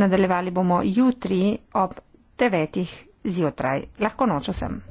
Nadaljevali bomo jutri ob 9. zjutraj. Lahko noč vsem.